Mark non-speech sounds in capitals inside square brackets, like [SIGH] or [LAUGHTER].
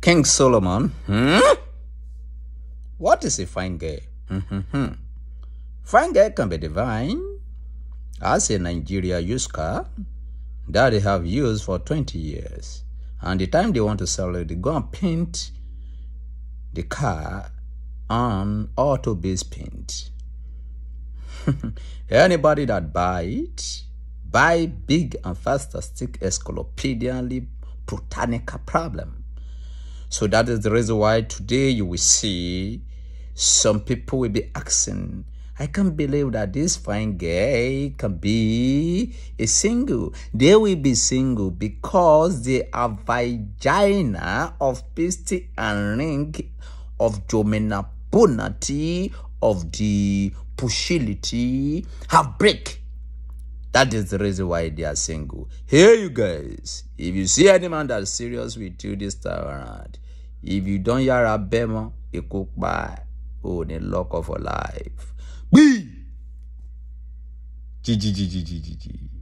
King Solomon, hmm? What is a fine girl? Hmm, hmm, hmm. fine girl can be divine. As a Nigeria used car that they have used for 20 years, and the time they want to sell it, they go and paint the car on auto base paint. [LAUGHS] Anybody that buy it, buy big and faster stick encyclopedially botanical problem. So that is the reason why today you will see some people will be asking, I can't believe that this fine guy can be a single. They will be single because they are vagina of pistil and ring of dominabonity of the pushility have break That is the reason why they are single. Hey, you guys, if you see any man that's serious with you this time around, if you don't hear a yára you cook by pa the lock of for life. Gbí! G G G G G G G.